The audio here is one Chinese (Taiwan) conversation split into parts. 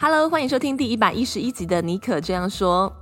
Hello，歡迎收聽第一百一十一集的《尼可這樣說》。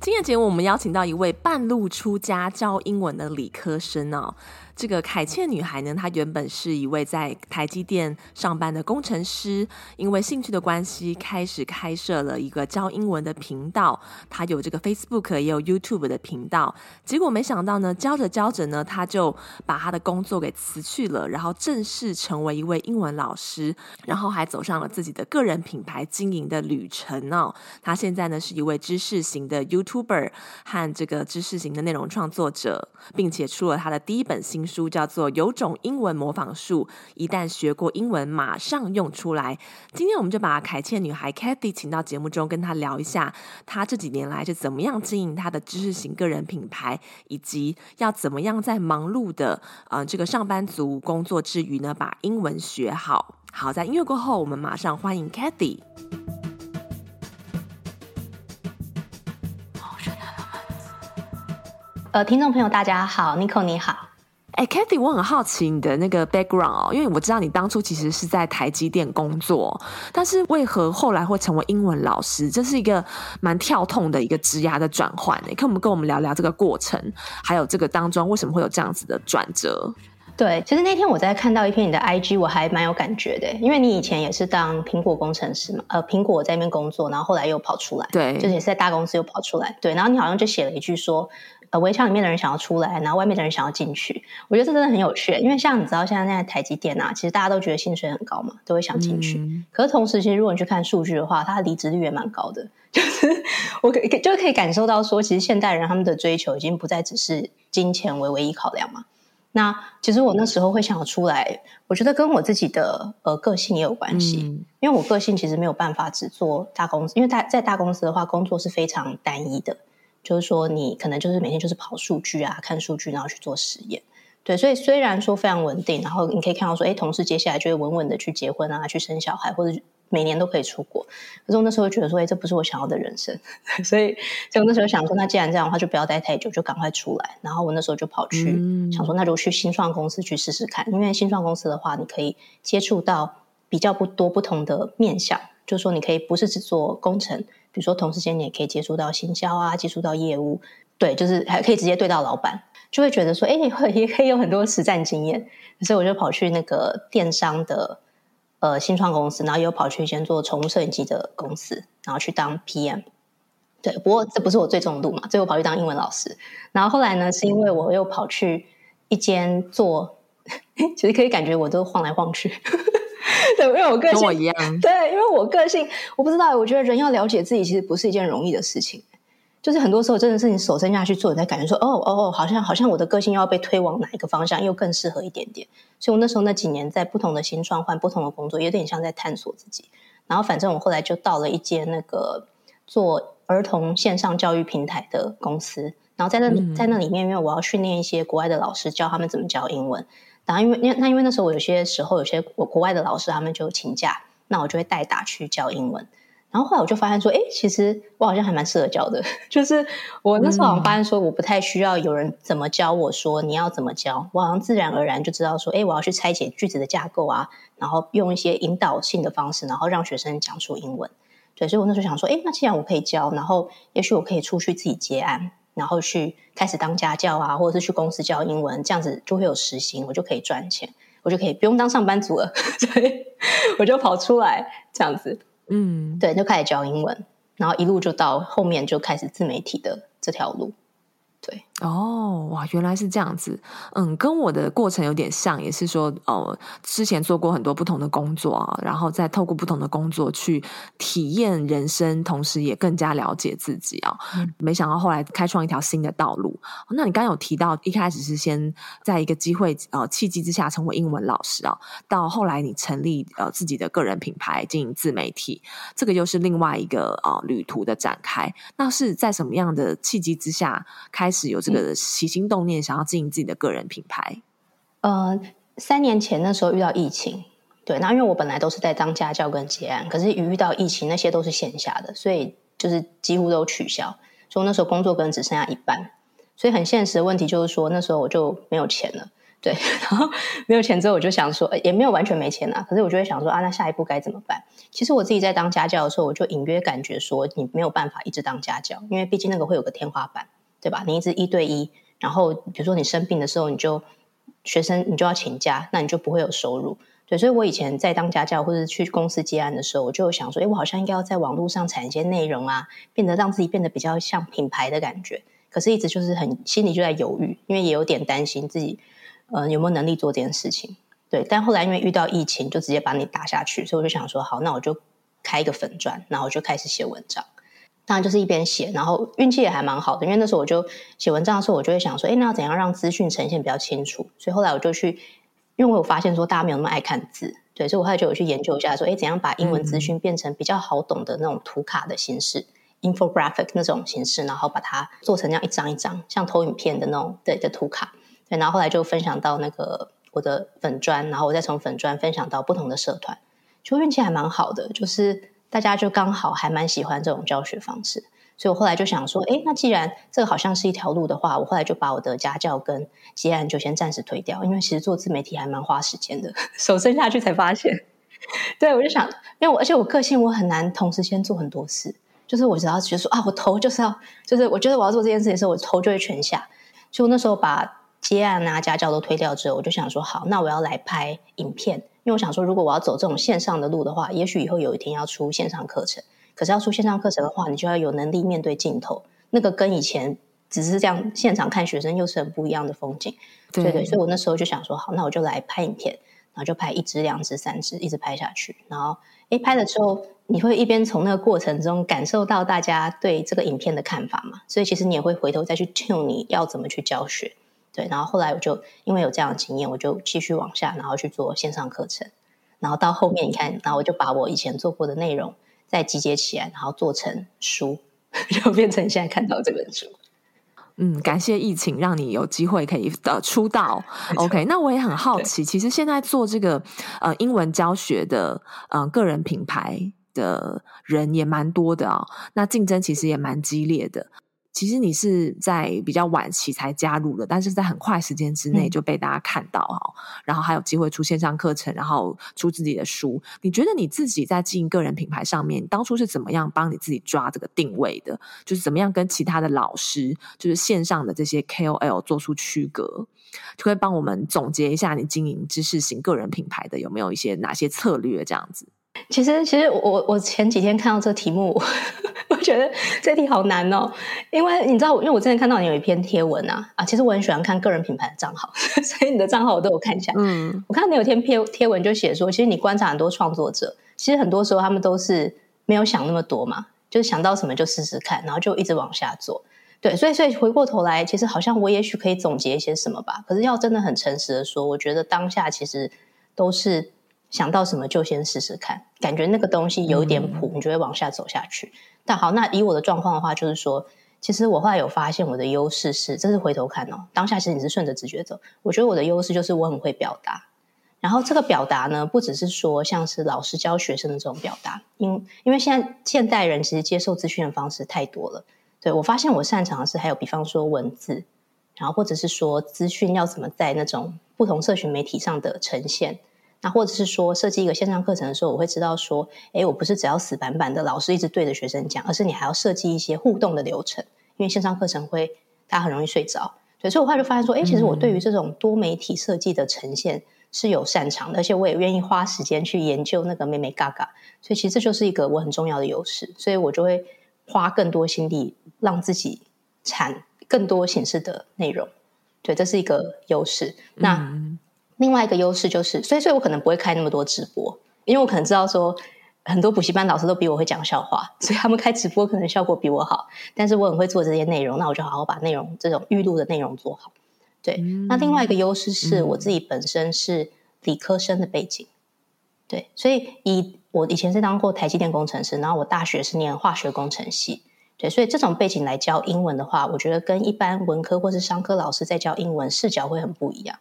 今天的節目，我們邀請到一位半路出家教英文的理科生哦。這個凱茜女孩呢，她原本是一位在台積電上班的工程師，因為興趣的關係，開始開設了一個教英文的頻道。她有這個 Facebook，也有 YouTube 的頻道。結果沒想到呢，教着教着呢，她就把她的工作給辭去了，然後正式成為一位英文老師，然後還走上了自己的個人品牌經營的旅程哦。她現在呢，是一位知識型的 YouTuber 和這個知識型的內容創作者，並且出了她的第一本新書叫做《有種英文模仿術》，一旦學過英文，馬上用出來。今天我們就把凱倩女孩 Cathy 請到節目中，跟她聊一下她這幾年來是怎麼樣經營她的知識型個人品牌，以及要怎麼樣在忙碌的呃這個上班族工作之餘呢，把英文學好。好，在音樂過後，我們馬上歡迎 Cathy。哦、呃，聽眾朋友，大家好，Nicolle 你好。哎，Cathy，我很好奇你的那個 background 哦，因為我知道你當初其實是在台積電工作，但是為何後來會成為英文老師？這是一個蠻跳痛的一個職涯的轉換。你可以跟我們聊聊這個過程，還有這個當中為什麼會有這樣子的轉折？對，其實那天我在看到一篇你的 IG，我還蠻有感覺的，因為你以前也是當蘋果工程師嘛，呃，蘋果在那邊工作，然後後來又跑出來，對，就是你是在大公司又跑出來，對，然後你好像就寫了一句說。圍牆裡面的人想要出來，然後外面的人想要進去。我覺得這真的很有趣，因為像你知道，現在在台積電啊，其實大家都覺得薪水很高嘛，都會想進去，嗯。可是同時，其實如果你去看數據的話，它的離職率也蠻高的。就是我可以就可以感受到說，說其實現代人他們的追求已經不再只是金錢為唯一考量嘛。那其實我那時候會想要出來，我覺得跟我自己的呃個性也有關係，嗯，因為我個性其實沒有辦法只做大公司，因為大在大公司的話，工作是非常單一的。就是說，你可能就是每天就是跑數據啊，看數據，然後去做實驗，對。所以雖然說非常穩定，然後你可以看到說，誒、哎、同事接下來就會穩穩的去結婚啊，去生小孩，或者每年都可以出國。可是我那時候覺得說，誒、哎、這不是我想要的人生。 所以，就那時候想說，那既然這樣的話，就不要待太久，就趕快出來。然後我那時候就跑去、嗯、想說，那如果去新創公司去試試看，因為新創公司的話，你可以接觸到比較不多不同的面向，就是說你可以不是只做工程。比如說，同時間你也可以接觸到行銷啊，接觸到業務，對，就是還可以直接對到老闆，就會覺得說，哎，會也可以有很多實戰經驗。所以我就跑去那個電商的呃新創公司，然後又跑去一間做寵物攝影機的公司，然後去當 PM。對，不過這不是我最終的路嘛，最後跑去當英文老師。然後後來呢，是因為我又跑去一間做，其實可以感覺我都晃來晃去。對， 因為我個性跟我一樣。對，因為我個性，我不知道。我覺得人要了解自己，其實不是一件容易的事情。就是很多時候，真的是你手伸下去做，你才感覺說，哦哦哦，好像好像我的個性又要被推往哪一個方向，又更適合一點點。所以我那時候那幾年，在不同的新創換不同的工作，有點像在探索自己。然後，反正我後來就到了一間那個做兒童線上教育平台的公司。然後在那、嗯、在那裡面，因為我要訓練一些國外的老師，教他們怎麼教英文。然後因為因為那因為那時候我有些時候有些我國外的老師他們就請假，那我就會代打去教英文。然後後來我就發現說，誒，欸，其實我好像還蠻適合教的。 就是我那時候好像發現說，我不太需要有人怎麼教我說你要怎麼教，我好像自然而然就知道說，誒，欸，我要去拆解句子的架構啊，然後用一些引導性的方式，然後讓學生講出英文。對，所以我那時候想說，誒，欸，那既然我可以教，然後也許我可以出去自己接案，然後去開始當家教啊，或者是去公司教英文，這樣子就會有時薪，我就可以賺錢，我就可以不用當上班族了，所以，我就跑出來這樣子，嗯，對，就開始教英文，然後一路就到後面就開始自媒體的這條路，對。哦，哇，原來是這樣子，嗯，跟我的過程有點像，也是說，哦、呃、之前做過很多不同的工作啊，然後再透過不同的工作去體驗人生，同時也更加了解自己啊。沒想到後來開創一條新的道路。哦、那你剛剛有提到，一開始是先在一個機會呃契機之下成為英文老師啊，到後來你成立呃自己的個人品牌，經營自媒體，這個又是另外一個啊、呃、旅途的展開。那是在什麼樣的契機之下開始有這個？的起心動念，想要經營自己的個人品牌。呃，三年前那時候遇到疫情，對，那因為我本來都是在當家教跟接案，可是一遇到疫情，那些都是線下的，所以就是幾乎都取消，所以那時候工作可能只剩下一半，所以很現實的問題就是說，那時候我就沒有錢了，對，然後沒有錢之後，我就想說，也沒有完全沒錢啊，可是我就會想說啊，那下一步該怎麼辦？其實我自己在當家教的時候，我就隱約感覺說，你沒有辦法一直當家教，因為畢竟那個會有個天花板。對吧？你一直一對一，然後比如說你生病的時候，你就學生你就要請假，那你就不會有收入。對，所以我以前在當家教或是去公司接案的時候，我就有想說，哎，我好像應該要在網絡上產一些內容啊，變得讓自己變得比較像品牌的感覺。可是，一直就是很心裡就在猶豫，因為也有點擔心自己，呃，有沒有能力做這件事情。對，但後來因為遇到疫情，就直接把你打下去，所以我就想說，好，那我就開一個粉專，然後我就開始寫文章。當然就是一邊寫，然後運氣也還蠻好的，因為那時候我就寫文章的時候，我就會想說，哎，那要怎樣讓資訊呈現比較清楚？所以後來我就去，因為我發現說大家沒有那麼愛看字，對，所以後來就有去研究一下，說，哎，怎樣把英文資訊變成比較好懂的那種圖卡的形式嗯嗯，infographic 那種形式，然後把它做成那樣一張一張，像投影片的那種，對的圖卡，對，然後後來就分享到那個我的粉專，然後我再從粉專分享到不同的社團，就運氣還蠻好的，就是。大家就剛好還蠻喜歡這種教學方式，所以我後來就想說，哎、欸，那既然這個好像是一條路的話，我後來就把我的家教跟接案就先暫時推掉，因為其實做自媒體還蠻花時間的，手伸下去才發現。對，我就想，因為我而且我個性我很難同時先做很多事，就是我只要覺得說啊，我頭就是要，就是我覺得我要做這件事情的時候，我頭就會全下，所以那時候把接案啊、家教都推掉之後，我就想說，好，那我要來拍影片。因為我想說，如果我要走這種線上的路的話，也許以後有一天要出線上課程。可是要出線上課程的話，你就要有能力面對鏡頭，那個跟以前只是這樣現場看學生又是很不一樣的風景，嗯。對對，所以我那時候就想說，好，那我就來拍影片，然後就拍一支、兩支、三支，一直拍下去。然後，哎，拍了之後，你會一邊從那個過程中感受到大家對這個影片的看法嘛，所以其實你也會回頭再去 tune 你要怎麼去教學。對，然後後來我就因為有這樣的經驗，我就繼續往下，然後去做線上課程，然後到後面你看，然後我就把我以前做過的內容再集結起來，然後做成書，就變成現在看到這本書。嗯，感謝疫情讓你有機會可以的、呃、出道。OK，那我也很好奇，其實現在做這個呃英文教學的呃個人品牌的，人也蠻多的啊、哦，那競爭其實也蠻激烈的。其實你是在比較晚期才加入的，但是在很快時間之內就被大家看到、嗯、然後還有機會出線上課程，然後出自己的書。你覺得你自己在經營個人品牌上面，當初是怎麼樣幫你自己抓這個定位的？就是怎麼樣跟其他的老師，就是線上的這些 KOL 做出區隔，就可以幫我們總結一下你經營知識型個人品牌的有沒有一些哪些策略這樣子。其實，其實我我前幾天看到這個題目，我覺得這題好難哦。因為你知道，因為我之前看到你有一篇貼文啊，啊，其實我很喜歡看個人品牌的賬號，所以你的賬號我都有看一下。嗯，我看到你有篇貼貼文，就寫說，其實你觀察很多創作者，其實很多時候他們都是沒有想那麼多嘛，就是想到什麼就試試看，然後就一直往下做。對，所以所以回過頭來，其實好像我也許可以總結一些什麼吧。可是要真的很誠實的說，我覺得當下其實都是。想到什麼就先試試看，感覺那個東西有一點譜，你就會往下走下去。嗯、但好，那以我的狀況的話，就是說，其實我後來有發現，我的優勢是，這是回頭看哦。當下其實你是順着直覺走，我覺得我的優勢就是我很會表達。然後這個表達呢，不只是說像是老師教學生的這種表達，因因為現在現代人其實接受資訊的方式太多了。對，我發現我擅長的是還有，比方說文字，然後或者是說資訊要怎麼在那種不同社群媒體上的呈現。那或者是說設計一個線上課程的時候，我會知道說，哎，我不是只要死板板的老師一直對着學生講，而是你還要設計一些互動的流程，因為線上課程會大家很容易睡着，所以我後來就發現說，哎，其實我對於這種多媒體設計的呈現是有擅長的，而且我也願意花時間去研究那個妹妹嘎嘎，所以其實這就是一個我很重要的優勢，所以我就會花更多心力讓自己產更多形式的內容，對，這是一個優勢。那。嗯另外一個優勢就是，所以所以我可能不會開那麼多直播，因為我可能知道說，很多補習班老師都比我會講笑話，所以他們開直播可能效果比我好。但是我很會做這些內容，那我就好好把內容這種預錄的內容做好。對，那另外一個優勢是我自己本身是理科生的背景，對，所以以我以前是當過台積電工程師，然後我大學是念化學工程系，對，所以這種背景來教英文的話，我覺得跟一般文科或是商科老師在教英文視角會很不一樣。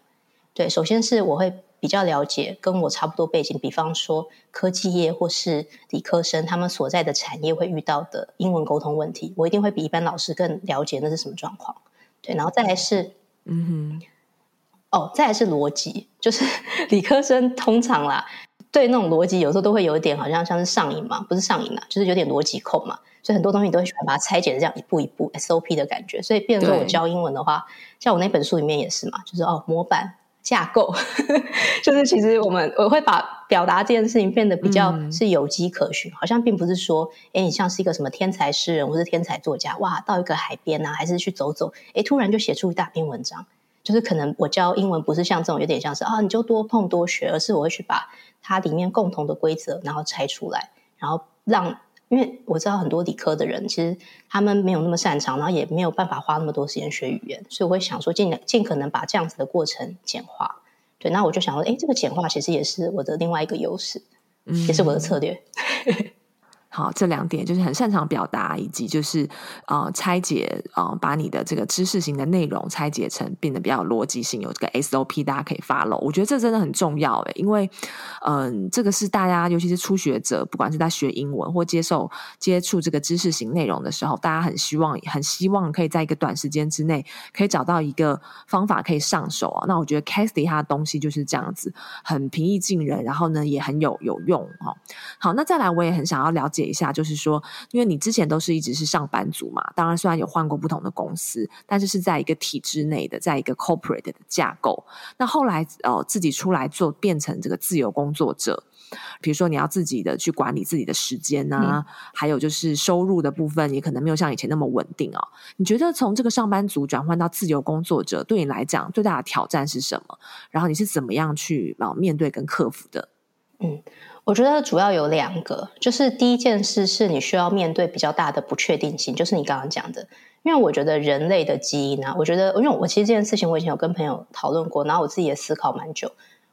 對，首先是我會比較了解跟我差不多背景，比方說科技業或是理科生，他們所在的產業會遇到的英文溝通問題，我一定會比一般老師更了解那是什麼狀況。對，然後再來是，嗯哼，哦，再來是邏輯，就是理科生通常啦，對那種邏輯有時候都會有一點好像像是上癮嘛，不是上癮啊，就是有點邏輯控嘛，所以很多東西都會喜歡把它拆解成這樣一步一步 SOP 的感覺。所以，變成說我教英文的話，像我那本書裡面也是嘛，就是哦模板。架構 就是，其實我們我會把表達這件事情變得比較是有跡可循、嗯，好像並不是說，誒、欸、你像是一個什麼天才詩人或是天才作家，哇，到一個海邊吶、啊，還是去走走，誒、欸、突然就寫出一大篇文章。就是可能我教英文不是像這種有點像是啊，你就多碰多學，而是我會去把它裡面共同的規則，然後拆出來，然後讓。因為我知道很多理科的人，其實他們沒有那麼擅長，然後也沒有辦法花那麼多時間學語言，所以我會想說盡盡可能把這樣子的過程簡化。對，那我就想說，哎，這個簡化其實也是我的另外一個優勢，嗯，也是我的策略。 好，這兩點就是很擅長表達，以及就是呃拆解，呃，把你的這個知識型的內容拆解成變得比較邏輯性，有這個 SOP，大家可以 follow。我覺得這真的很重要哎，因為嗯、呃，這個是大家尤其是初學者，不管是在學英文或接受接觸這個知識型內容的時候，大家很希望很希望可以在一個短時間之內可以找到一個方法可以上手啊、哦。那我覺得 Cathy 他的東西就是這樣子，很平易近人，然後呢也很有有用哦。好，那再來，我也很想要了解。一下，就是說，因為你之前都是一直是上班族嘛，當然雖然有換過不同的公司，但是是在一個體制內的，在一個 corporate 的架構。那後來哦，自己出來做，變成這個自由工作者，比如說你要自己的去管理自己的時間啊，嗯、還有就是收入的部分，你可能沒有像以前那麼穩定哦。你覺得從這個上班族轉換到自由工作者，對你來講最大的挑戰是什麼？然後你是怎麼樣去面對跟克服的？嗯。我覺得主要有兩個，就是第一件事是你需要面對比較大的不確定性，就是你剛剛講的，因為我覺得人類的基因啊，我覺得因為我其實這件事情我以前有跟朋友討論過，然後我自己也思考蠻久，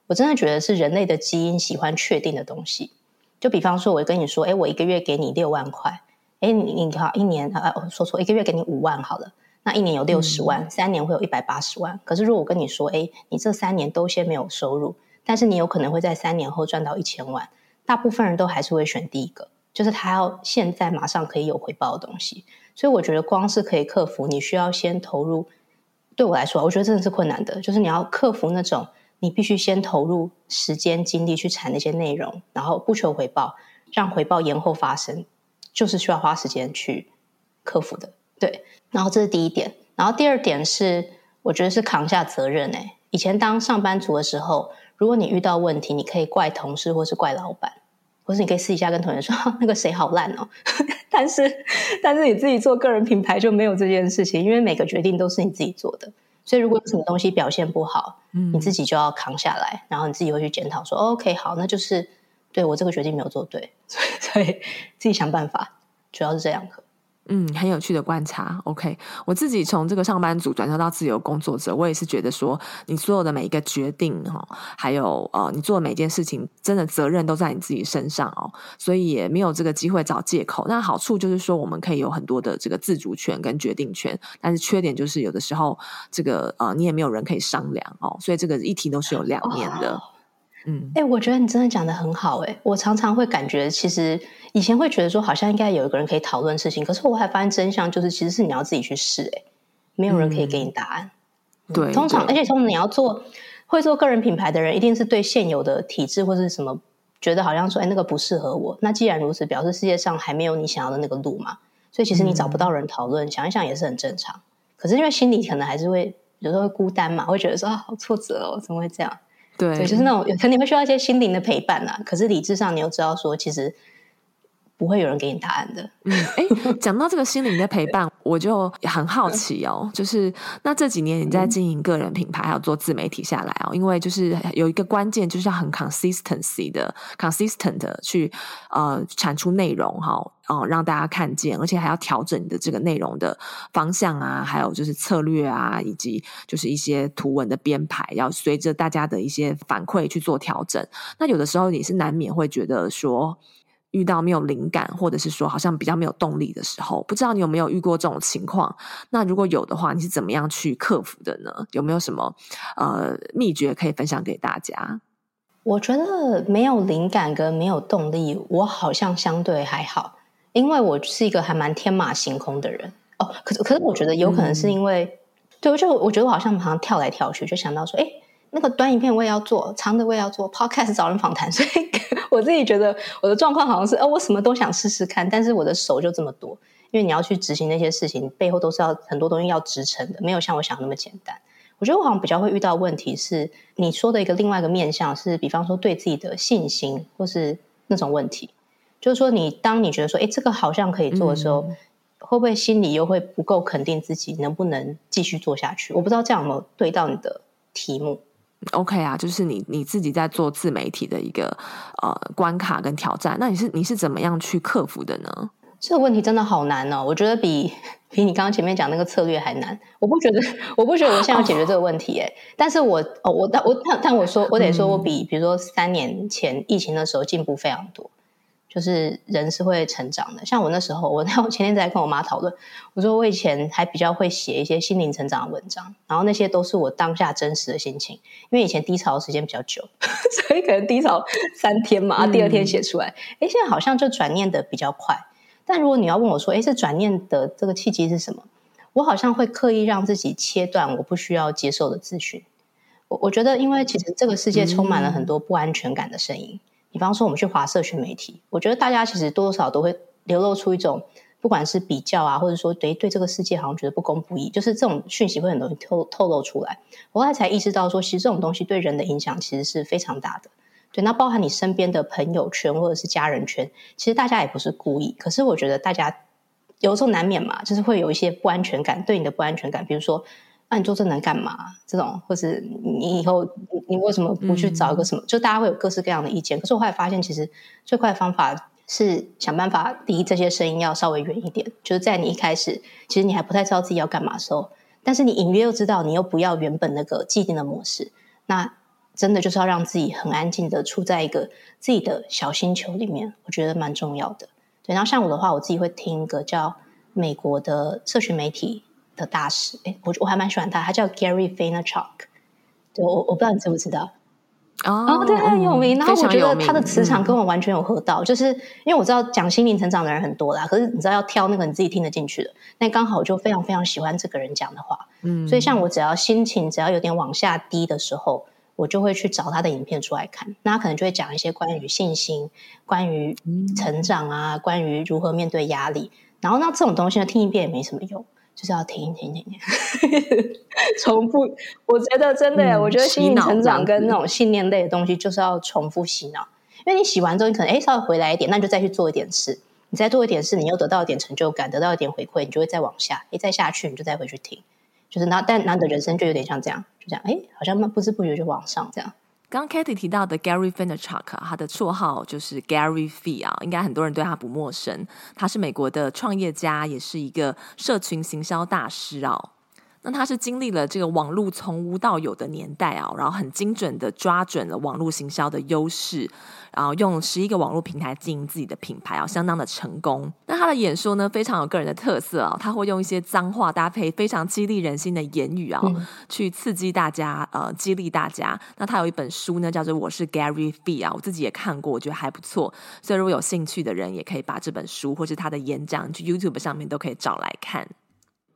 我真的覺得是人類的基因喜歡確定的東西，就比方說我跟你說，哎，我一個月給你六萬塊，哎，你好，一年啊，我、哦、說錯，一個月給你五萬好了，那一年有六十萬，嗯，三年會有一百八十萬，可是如果我跟你說，哎，你這三年都先沒有收入，但是你有可能會在三年後賺到一千萬。大部分人都還是會選第一個，就是他要現在馬上可以有回報的東西。所以我覺得光是可以克服，你需要先投入。對我來說，我覺得真的是困難的，就是你要克服那種你必須先投入時間精力去產那些內容，然後不求回報，讓回報延後發生，就是需要花時間去克服的。對，然後這是第一點，然後第二點是我覺得是扛下責任、欸。哎，以前當上班族的時候。如果你遇到問題，你可以怪同事，或是怪老闆，或是你可以私底下跟同學說那個誰好爛哦。 但是，但是你自己做個人品牌就沒有這件事情，因為每個決定都是你自己做的，所以如果有什麼東西表現不好，嗯，你自己就要扛下來，然後你自己會去檢討說，哦，OK，好，那就是對我這個決定沒有做對，所以，所以自己想辦法，主要是這兩個。嗯，很有趣的觀察。OK，我自己從這個上班族轉到自由工作者，我也是覺得說，你所有的每一個決定還有呃，你做的每件事情，真的責任都在你自己身上哦。所以也沒有這個機會找借口。那好處就是說，我們可以有很多的這個自主權跟決定權，但是缺點就是有的時候這個呃，你也沒有人可以商量哦。所以這個議題都是有兩面的。哦嗯，哎、欸，我覺得你真的講的很好、欸，哎，我常常會感覺，其實以前會覺得說，好像應該有一個人可以討論事情，可是我還發現真相就是，其實是你要自己去試，哎，沒有人可以給你答案。嗯、對，對，通常，而且通常你要做會做個人品牌的人，一定是對現有的體制或是什麼覺得好像說，哎、欸，那個不適合我。那既然如此，表示世界上還沒有你想要的那個路嘛。所以其實你找不到人討論、嗯，想一想也是很正常。可是因為心裡可能還是會有時候會孤單嘛，會覺得說啊，好挫折哦，我怎麼會這樣？對，就是那種，肯定你會需要一些心靈的陪伴啦、啊。可是理智上，你又知道說，其實不會有人給你答案的。嗯，誒，講到這個心靈的陪伴， 我就很好奇哦。就是那這幾年，你在經營個人品牌、嗯、還有做自媒體下來哦，因為就是有一個關鍵，就是要很 consistency 的 consistent 的去呃產出內容哈、哦。哦、嗯，讓大家看見，而且還要調整你的這個內容的方向啊，還有就是策略啊，以及就是一些圖文的編排，要隨着大家的一些反饋去做調整。那有的時候你是難免會覺得說遇到沒有靈感，或者是說好像比較沒有動力的時候，不知道你有沒有遇過這種情況？那如果有的話，你是怎麼樣去克服的呢？有沒有什麼呃秘訣可以分享給大家？我覺得沒有靈感跟沒有動力，我好像相對還好。因為我是一個還蠻天馬行空的人哦，可是可是我覺得有可能是因為，嗯、對，我覺得我覺得我好像好像跳來跳去，就想到說，哎，那個短影片，我也要做，長的我也要做，Podcast 找人訪談，所以呵呵我自己覺得我的狀況好像是，哦，我什麼都想試試看，但是我的手就這麼多，因為你要去執行那些事情，背後都是要很多東西要支撐的，沒有像我想那麼簡單。我覺得我好像比較會遇到問題是，你說的一個另外一個面向是，比方說對自己的信心或是那種問題。就是說，你當你覺得說，哎、欸，這個好像可以做的時候，嗯、會不會心裡又會不夠肯定自己能不能繼續做下去？我不知道這樣有沒有對到你的題目。OK 啊，就是你你自己在做自媒體的一個呃關卡跟挑戰，那你是你是怎麼樣去克服的呢？這個問題真的好難哦，我覺得比比你剛剛前面講那個策略還難。我不覺得，我不覺得我現在要解決這個問題哎、欸哦，但是我哦我，我但我但但我說我得說我比、嗯、比如說三年前疫情的時候進步非常多。就是人是會成長的，像我那時候，我那我前天在跟我媽討論，我說我以前還比較會寫一些心靈成長的文章，然後那些都是我當下真實的心情，因為以前低潮的時間比較久，所以可能低潮三天嘛，第二天寫出來，哎，現在好像就轉念的比較快。但如果你要問我說，哎，這轉念的這個契機是什麼？我好像會刻意讓自己切斷我不需要接受的資訊。我我覺得，因為其實這個世界充滿了很多不安全感的聲音。比方說，我們去滑社群媒體，我覺得大家其實多少都會流露出一種，不管是比較啊，或者說對對這個世界好像覺得不公不義，就是這種訊息會很容易透透露出來。我後來才意識到說，其實這種東西對人的影響其實是非常大的。對，那包含你身邊的朋友圈或者是家人圈，其實大家也不是故意，可是我覺得大家有時候難免嘛，就是會有一些不安全感，對你的不安全感，比如說。那、啊、你做這能幹嘛？這種，或是你以後你，你為什麼不去找一個什麼、嗯？就大家會有各式各樣的意見。可是我後來發現，其實最快的方法是想辦法離這些聲音要稍微遠一點。就是在你一開始，其實你還不太知道自己要幹嘛的時候，但是你隱約又知道你又不要原本那個既定的模式。那真的就是要讓自己很安靜的處在一個自己的小星球裡面，我覺得蠻重要的。對，然後像我的話，我自己會聽一個叫美國的社群媒體的大師，哎、欸，我我還蠻喜歡他，他叫 Gary Vaynerchuk，對我我不知道你知不知道啊？哦。哦，對，很有名，非常有名，但、嗯、我覺得他的磁場跟我完全有合到，就是因為我知道講心靈成長的人很多啦、嗯，可是你知道要挑那個你自己聽得進去的，那剛好我就非常非常喜歡這個人講的話，嗯，所以像我只要心情只要有點往下低的時候，我就會去找他的影片出來看，那他可能就會講一些關於信心、關於成長啊、嗯、關於如何面對壓力，然後那這種東西呢，聽一遍也沒什麼用。就是要停停停停，嘿嘿嘿， 重複。我覺得真的、嗯、我覺得心理成長跟那種信念類的東西，就是要重複洗腦、嗯。因為你洗完之後，你可能哎、欸、稍微回來一點，那你就再去做一點事，你再做一點事，你又得到一點成就感，得到一點回饋，你就會再往下，誒、欸、再下去，你就再回去停。就是那但那你的人生就有點像這樣，就這樣哎、欸，好像不知不覺就往上這樣。.剛剛 Cathy 提到的 Gary Vaynerchuk，他的綽號就是 Gary Vee 啊，應該很多人對他不陌生。他是美國的創業家，也是一個社群行銷大師。那他是經歷了這個網絡從無到有的年代啊、哦，然後很精準的抓準了網絡行銷的優勢，然後用十一個網絡平台經營自己的品牌啊、哦，相當的成功。那他的演說呢，非常有個人的特色啊、哦，他會用一些髒話搭配非常激勵人心的言語啊、哦嗯，去刺激大家呃，激勵大家。那他有一本書呢，叫做《我是 Gary Vee》啊、哦，我自己也看過，我覺得還不錯。所以如果有興趣的人，也可以把這本書或是他的演講去 YouTube 上面都可以找來看。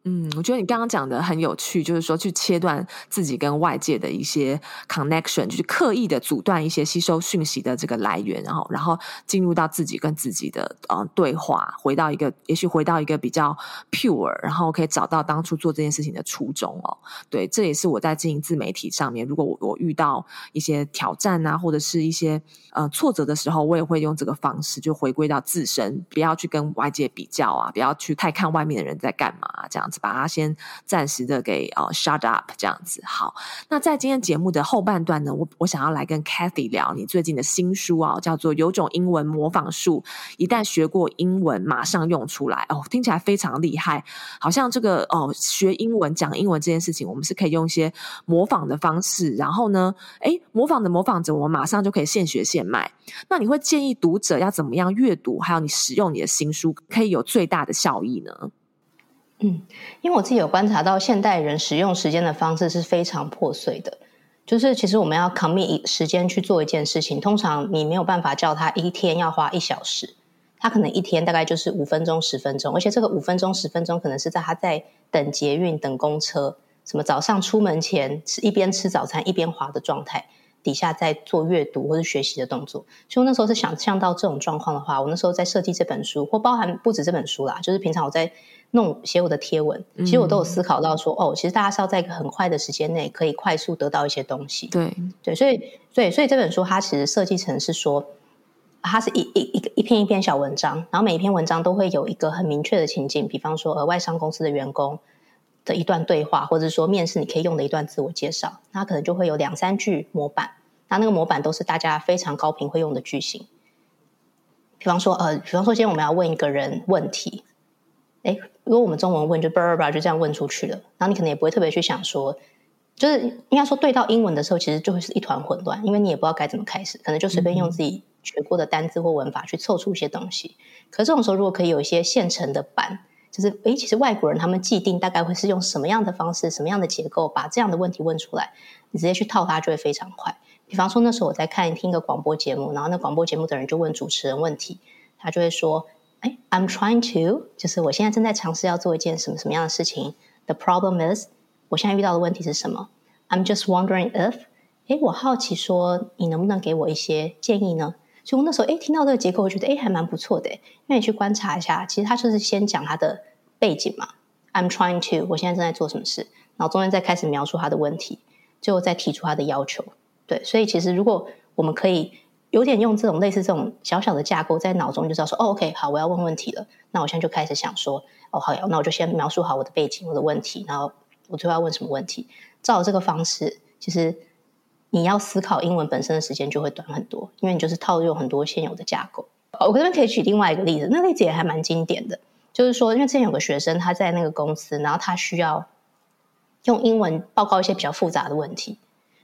嗯，我覺得你剛剛講的很有趣，就是說去切斷自己跟外界的一些 connection，就是刻意的阻斷一些吸收訊息的這個來源，然後然後進入到自己跟自己的呃對話，回到一個也許回到一個比較 pure，然後可以找到當初做這件事情的初衷哦。對，這也是我在經營自媒體上面，如果我我遇到一些挑戰啊，或者是一些呃挫折的時候，我也會用這個方式就回歸到自身，不要去跟外界比較啊，不要去太看外面的人在幹嘛，啊，這樣。把它先暫時的給呃、uh, shut up 這樣子。好，那在今天節目的後半段呢，我我想要來跟 Cathy 聊你最近的新書啊，叫做《有種英文模仿術》，一旦學過英文，馬上用出來哦，聽起來非常厲害。好像這個哦，學英文、講英文這件事情，我們是可以用一些模仿的方式，然後呢，哎，模仿的模仿者，我馬上就可以現學現賣。那你會建議讀者要怎麼樣閱讀，還有你使用你的新書可以有最大的效益呢？嗯，因為我自己有觀察到，現代人使用時間的方式是非常破碎的。就是其實我們要 commit 時間去做一件事情，通常你沒有辦法叫他一天要花一小時，他可能一天大概就是五分鐘、十分鐘，而且這個五分鐘、十分鐘可能是在他在等捷運、等公車，什麼早上出門前吃，一邊吃早餐一邊滑的狀態。底下在做閱讀或是學習的動作，所以我那時候是想象到這種狀況的話，我那時候在設計這本書，或包含不止這本書啦，就是平常我在弄寫我的貼文，嗯、其實我都有思考到說，哦，其實大家是要在一個很快的時間內可以快速得到一些東西。對對，所以所以這本書它其實設計成是說，它是一一一個一篇一篇小文章，然後每一篇文章都會有一個很明確的情境，比方說，呃，外商公司的員工。的一段對話，或者是說面試，你可以用的一段自我介紹，那可能就會有兩三句模板。那那個模板都是大家非常高頻會用的句型。比方說，呃，比方說，今天我們要問一個人問題，哎，如果我們中文問，就就這樣問出去了。然後你可能也不會特別去想說，就是應該說，對到英文的時候，其實就會是一團混亂，因為你也不知道該怎麼開始，可能就隨便用自己學過的單字或文法去湊出一些東西。嗯、可是這種時候，如果可以有一些現成的版。就是，誒，其實外國人他們既定大概會是用什麼樣的方式、什麼樣的結構把這樣的問題問出來，你直接去套它就會非常快。比方說那時候我在看，聽一個廣播節目，然後那廣播節目的人就問主持人問題，他就會說：“哎，I'm trying to，就是我現在正在嘗試要做一件什麼什麼樣的事情。The problem is，我現在遇到的問題是什麼？I'm just wondering if，哎，我好奇說你能不能給我一些建議呢？”所以，我那時候哎，聽到這個結構，我覺得哎，還蠻不錯的誒。因為你去觀察一下，其實他就是先講他的背景嘛，I'm trying to，我現在正在做什麼事，然後中間再開始描述他的問題，最後再提出他的要求。對，所以其實如果我們可以有點用這種類似這種小小的架構，在腦中就知道說，哦，OK，好，我要問問題了，那我現在就開始想說，哦，好呀，那我就先描述好我的背景、我的問題，然後我最後要問什麼問題，照這個方式，其實你要思考英文本身的時間就會短很多，因為你就是套用很多現有的架構。我這邊可以舉另外一個例子，那個例子也還蠻經典的，就是說，因為之前有個學生他在那個公司，然後他需要用英文報告一些比較複雜的問題，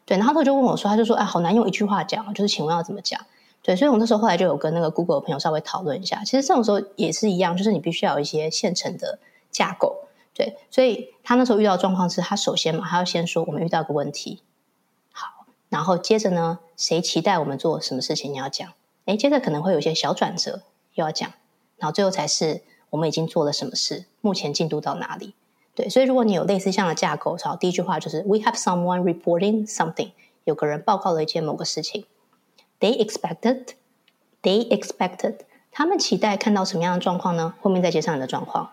對，然後他就問我說，他就說，哎，好難用一句話講，就是請問要怎麼講？對，所以我那時候後來就有跟那個 Google 的朋友稍微討論一下，其實這種時候也是一樣，就是你必須要有一些現成的架構，對，所以他那時候遇到的狀況是他首先嘛，他要先說我們遇到個問題。然後接着呢，誰期待我們做什麼事情？你要講。誒，接着可能會有些小轉折，又要講。然後最後才是我們已經做了什麼事，目前進度到哪裡？對，所以如果你有類似這樣的架構，好，第一句話就是 “We have someone reporting something”，有個人報告了一件某個事情。They expected, they expected，他們期待看到什麼樣的狀況呢？後面再接上你的狀況。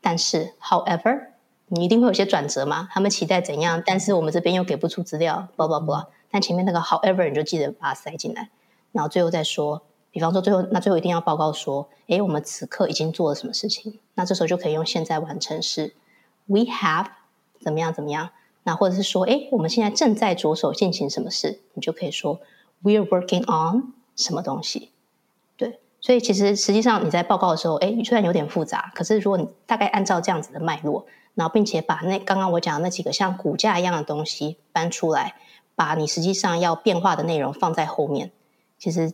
但是，however，你一定會有些轉折嗎？他們期待怎樣？但是我們這邊又給不出資料，blah blah blah。但前面那個，however，你就記得把它塞進來。然後最後再說，比方說最後那最後一定要報告說，誒，我們此刻已經做了什麼事情？那這時候就可以用現在完成式，we have 怎麼樣怎麼樣？那或者是說，誒，我們現在正在着手進行什麼事？你就可以說，we're working on 什麼東西？對，所以其實實際上你在報告的時候，哎，雖然有點複雜，可是如果你大概按照這樣子的脈絡，然後並且把那剛剛我講的那幾個像骨架一樣的東西搬出來。把你實際上要變化的內容放在後面，其實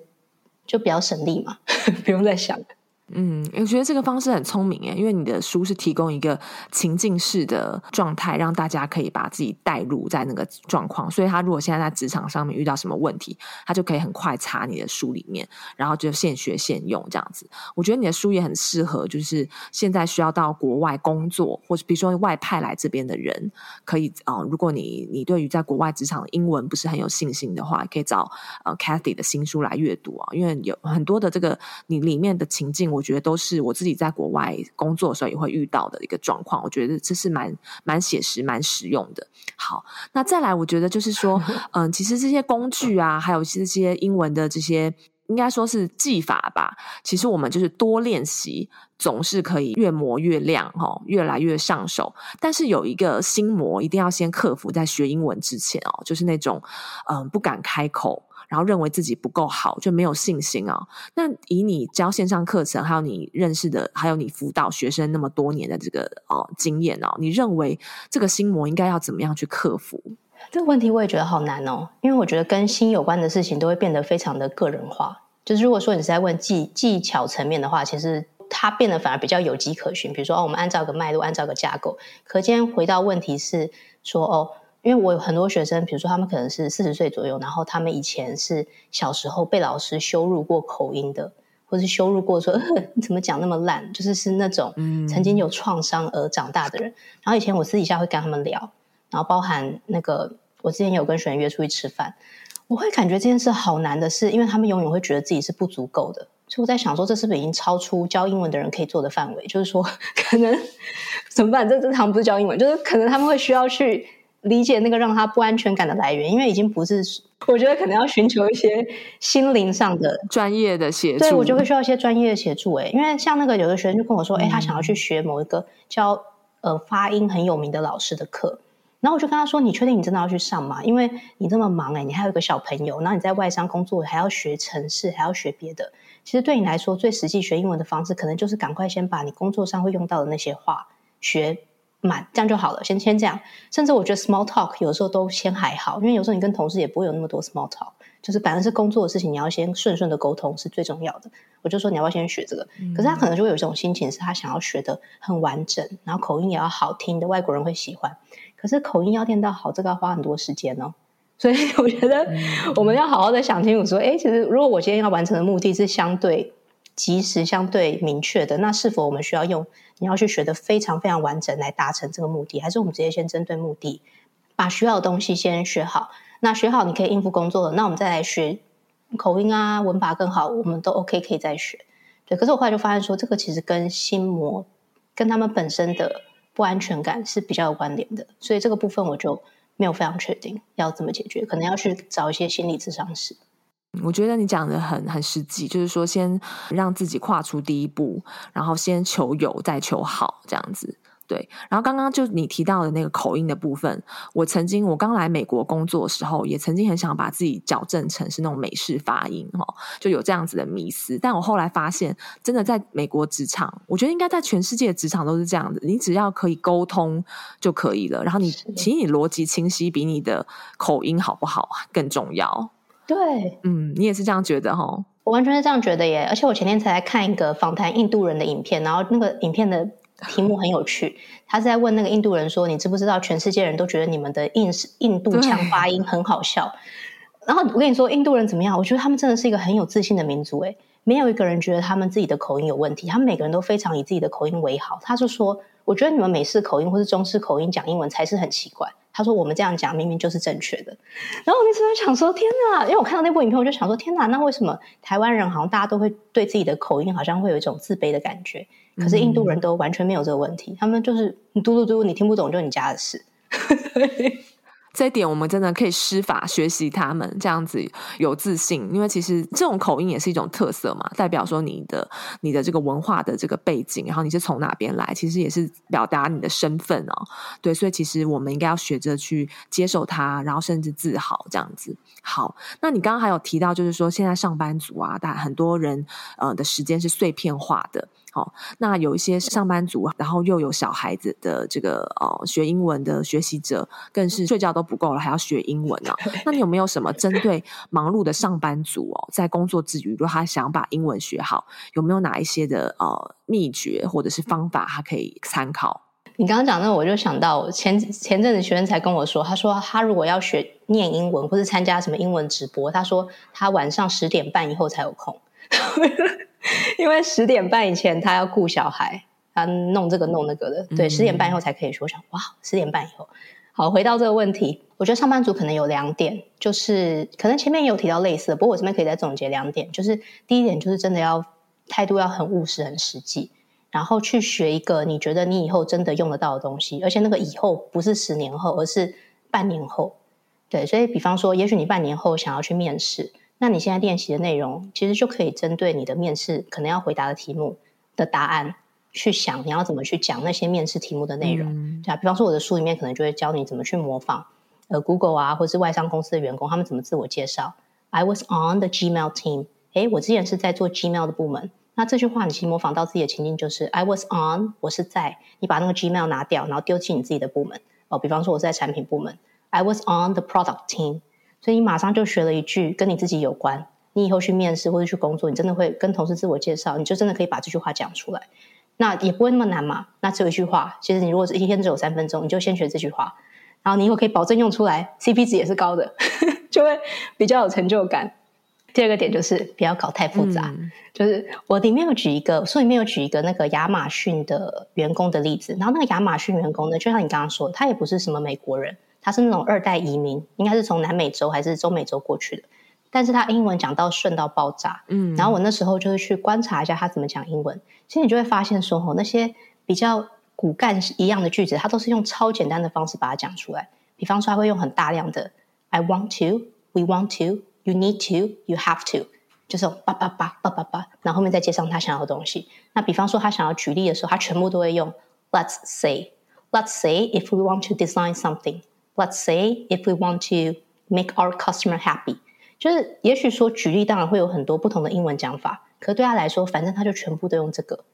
就比較省力嘛， 不用再想了。嗯，我覺得這個方式很聰明耶，因為你的書是提供一個情境式的狀態，讓大家可以把自己帶入在那個狀況。所以他如果現在在職場上面遇到什麼問題，他就可以很快查你的書裡面，然後就現學現用這樣子。我覺得你的書也很適合，就是現在需要到國外工作，或是比如說外派來這邊的人，可以啊，呃，如果你你對於在國外職場的英文不是很有信心的話，可以找呃 Cathy 的新書來閱讀啊，因為有很多的這個你裡面的情境。我覺得都是我自己在國外工作時候也會遇到的一個狀況，我覺得這是蠻蠻寫實，蠻實用的。好，那再來，我覺得就是說，嗯，其實這些工具啊，還有這些英文的這些，應該說是技法吧。其實我們就是多練習，總是可以越磨越亮，越來越上手。但是有一個心魔，一定要先克服，在學英文之前哦，就是那種，嗯，不敢開口。然後認為自己不夠好，就沒有信心哦。那以你教線上課程，還有你認識的，還有你輔導學生那麼多年的這個哦經驗哦，你認為這個心魔應該要怎麼樣去克服？這個問題我也覺得好難哦，因為我覺得跟心有關的事情都會變得非常的個人化。就是如果說你是在問技技巧層面的話，其實它變得反而比較有跡可循。比如說哦，我們按照個脈絡，按照個架構。可今天回到問題是說哦。因為我有很多學生，比如說他們可能是四十歲左右，然後他們以前是小時候被老師羞辱過口音的，或者是羞辱過說呵呵怎麼講那麼爛，就是是那種曾經有創傷而長大的人。嗯、然後以前我私底下會跟他們聊，然後包含那個我之前也有跟學員約出去吃飯，我會感覺這件事好難的是，因為他們永遠會覺得自己是不足夠的，所以我在想說，這是不是已經超出教英文的人可以做的範圍？就是說，可能怎麼辦？這這他們不是教英文，就是可能他們會需要去。理解那個讓他不安全感的來源，因為已經不是，我覺得可能要尋求一些心靈上的專業的協助。對，我就會需要一些專業的協助、欸。哎，因為像那個有的學生就跟我說，哎、嗯欸，他想要去學某一個教呃發音很有名的老師的課，然後我就跟他說，你確定你真的要去上嗎？因為你這麼忙、欸，哎，你還有一個小朋友，然後你在外商工作還要學程式，還要學別的。其實對你來說，最實際學英文的方式，可能就是趕快先把你工作上會用到的那些話學。滿這樣就好了，先先這樣。甚至我覺得 small talk 有時候都先還好，因為有時候你跟同事也不會有那麼多 small talk，就是反正是工作的事情，你要先順順的溝通是最重要的。我就說你要不要先學這個？嗯。可是他可能就會有一種心情，是他想要學的很完整，然後口音也要好聽的外國人會喜歡。可是口音要練到好，這個要花很多時間哦。所以我覺得我們要好好的想清楚，說，哎、欸，其實如果我今天要完成的目的是相對。及時相對明確的，那是否我們需要用你要去學得非常非常完整來達成這個目的，還是我們直接先針對目的，把需要的東西先學好？那學好你可以應付工作了，那我們再來學口音啊、文法更好，我們都 OK 可以再學。對，可是我後來就發現說，這個其實跟心魔、跟他們本身的不安全感是比較有關聯的，所以這個部分我就沒有非常確定要怎麼解決，可能要去找一些心理諮商師。我覺得你講的很很實際，就是說先讓自己跨出第一步，然後先求有，再求好，這樣子對。然後剛剛就你提到的那個口音的部分，我曾經我剛來美國工作的時候，也曾經很想把自己矯正成是那種美式發音哈、哦，就有這樣子的迷思。但我後來發現，真的在美國職場，我覺得應該在全世界職場都是這樣子，你只要可以溝通就可以了。然後你其實你邏輯清晰比你的口音好不好更重要。對，嗯，你也是這樣覺得哈、哦，我完全是這樣覺得耶。而且我前天才來看一個訪談印度人的影片，然後那個影片的題目很有趣，他是在問那個印度人說：“你知不知道全世界人都覺得你們的印印度腔發音很好笑？”然後我跟你說，印度人怎麼樣？我覺得他們真的是一個很有自信的民族，誒，沒有一個人覺得他們自己的口音有問題，他們每個人都非常以自己的口音為好。他就說：“我覺得你們美式口音或是中式口音講英文才是很奇怪。”他說：“我們這樣講明明就是正確的。”然後我那時候想說：“天哪！”因為我看到那部影片，我就想說：“天哪！”那為什麼台灣人好像大家都會對自己的口音好像會有一種自卑的感覺？可是印度人都完全沒有這個問題，他們就是“嘟嘟嘟”，你聽不懂就你家的事。 這一點我們真的可以施法學習他們這樣子有自信，因為其實這種口音也是一種特色嘛，代表說你的你的這個文化的這個背景，然後你是從哪邊來，其實也是表達你的身份哦。對，所以其實我們應該要學着去接受它，然後甚至自豪這樣子。好，那你剛剛還有提到，就是說現在上班族啊，但很多人呃的時間是碎片化的。好，哦，那有一些上班族，然後又有小孩子的這個哦，學英文的學習者，更是睡覺都不夠了，還要學英文啊。那你有沒有什麼針對忙碌的上班族哦，在工作之餘，如果他想把英文學好，有沒有哪一些的呃、哦，秘訣或者是方法，他可以參考？你剛剛講那，我就想到前前陣子學生才跟我說，他說他如果要學念英文或是參加什麼英文直播，他說他晚上十點半以後才有空。 因為十點半以前他要顧小孩，他弄這個弄那個的。對，mm -hmm. 十點半以後才可以說我想，哇，十點半以後好。回到這個問題，我覺得上班族可能有兩點，就是可能前面也有提到類似的，不過我這邊可以再總結兩點，就是第一點就是真的要態度要很務實、很實際，然後去學一個你覺得你以後真的用得到的東西，而且那個以後不是十年後，而是半年後。對，所以比方說，也許你半年後想要去面試。那你現在練習的內容，其實就可以針對你的面試可能要回答的題目的答案，去想你要怎麼去講那些面試題目的內容。嗯。對啊。比方說我的書裡面可能就會教你怎麼去模仿，呃、Google 啊，或是外商公司的員工他們怎麼自我介紹。I was on the Gmail team。哎，我之前是在做 Gmail 的部門。那這句話你其實模仿到自己的情境就是 I was on，我是在。你把那個 Gmail 拿掉，然後丟進你自己的部門。哦，比方說我是在產品部門，I was on the product team。所以你馬上就學了一句跟你自己有關，你以後去面試或者去工作，你真的會跟同事自我介紹，你就真的可以把這句話講出來，那也不會那麼難嘛。那只有一句話，其實你如果是一天只有三分鐘，你就先學這句話，然後你以後可以保證用出來，CP 值也是高的， 就會比較有成就感。第二個點就是不要搞太複雜，就是我裡面有舉一個所以裡面有舉一個那個亞馬遜的員工的例子，然後那個亞馬遜員工呢，就像你剛剛說，他也不是什麼美國人。他是那種二代移民，應該是從南美洲還是中美洲過去的。但是他英文講到順到爆炸，嗯，然後我那時候就是去觀察一下他怎麼講英文。其實你就會發現說，吼那些比較骨幹一樣的句子，他都是用超簡單的方式把它講出來。比方說，他會用很大量的 "I want to", "We want to", "You need to", "You have to"，就是叭叭叭叭叭叭。然後後面再接上他想要的東西。那比方說他想要舉例的時候，他全部都會用 "Let's say", "Let's say if we want to design something"。Let's say if we want to make our customer happy，就是也許說舉例，當然會有很多不同的英文講法。可是對他來說，反正他就全部都用這個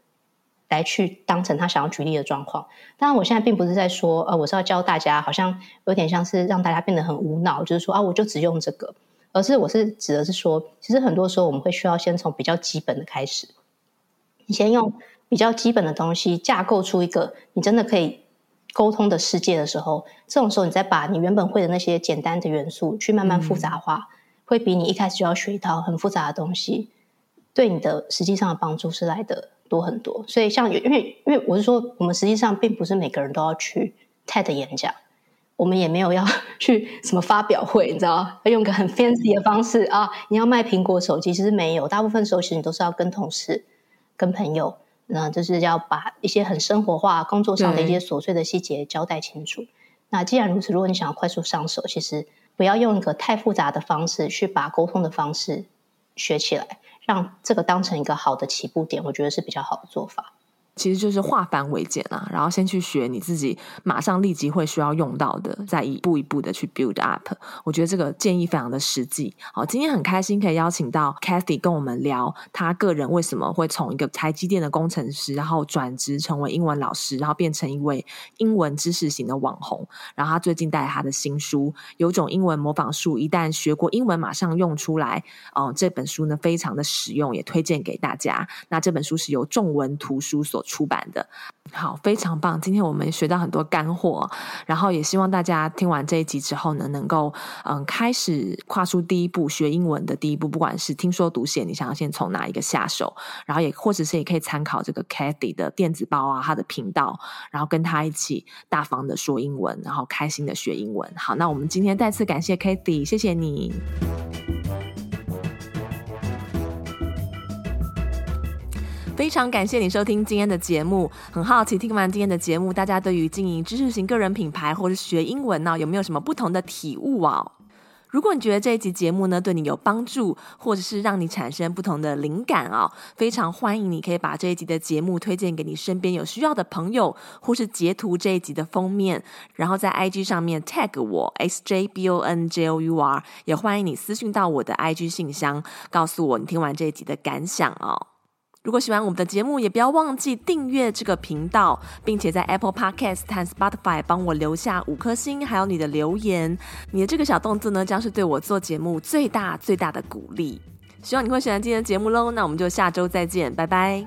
來去當成他想要舉例的狀況。當然，我現在並不是在說，呃，我是要教大家，好像有點像是讓大家變得很無腦，就是說啊，我就只用這個。而是我是指的是說，其實很多時候我們會需要先從比較基本的開始，你先用比較基本的東西架構出一個，你真的可以。溝通的世界的時候，這種時候你再把你原本會的那些簡單的元素去慢慢複雜化，嗯、會比你一開始就要學一套很複雜的東西，對你的實際上的幫助是來的多很多。所以像，像因為因為我是說，我們實際上並不是每個人都要去 TED 演講，我們也沒有要去什麼發表會，你知道，要用個很 fancy 的方式、嗯、啊，你要賣蘋果手機其實沒有，大部分時候其實你都是要跟同事、跟朋友。那就是要把一些很生活化、工作上的一些瑣碎的細節交代清楚。嗯。那既然如此，如果你想要快速上手，其實不要用一個太複雜的方式去把溝通的方式學起來，讓這個當成一個好的起步點，我覺得是比較好的做法。其實就是化繁為簡啊，然後先去學你自己馬上立即會需要用到的，再一步一步的去 build up。我覺得這個建議非常的實際。好、哦，今天很開心可以邀請到 Cathy 跟我們聊他個人為什麼會從一個台積電的工程師，然後轉職成為英文老師，然後變成一位英文知識型的網紅。然後他最近帶他的新書《有種英文模仿術》，一旦學過英文馬上用出來。哦、呃，這本書呢非常的實用，也推薦給大家。那這本書是由眾文圖書所出版的，好，非常棒！今天我們學到很多乾貨，然後也希望大家聽完這一集之後呢，能夠嗯開始跨出第一步學英文的第一步，不管是聽說讀寫，你想要先從哪一個下手，然後也或者是也可以參考這個 Cathy 的電子包啊，她的頻道，然後跟她一起大方的說英文，然後開心的學英文。好，那我們今天再次感謝 Cathy，謝謝你。非常感謝你收聽今天的節目。很好奇，聽完今天的節目，大家對於經營知識型個人品牌，或是學英文呢、哦，有沒有什麼不同的體悟哦？如果你覺得這一集節目呢，對你有幫助，或者是讓你產生不同的靈感哦，非常歡迎你可以把這一集的節目推薦給你身邊有需要的朋友，或是截圖這一集的封面，然後在 IG 上面 tag 我 s j b o n j o u r，也歡迎你私訊到我的 IG 信箱，告訴我你聽完這一集的感想哦。如果喜歡我們的節目，也不要忘記訂閱這個頻道，並且在 Apple Podcast 和 Spotify 幫我留下五顆星，還有你的留言。你的這個小動作呢，將是對我做節目最大最大的鼓勵。希望你會喜歡今天的節目咯！那我們就下週再見，拜拜。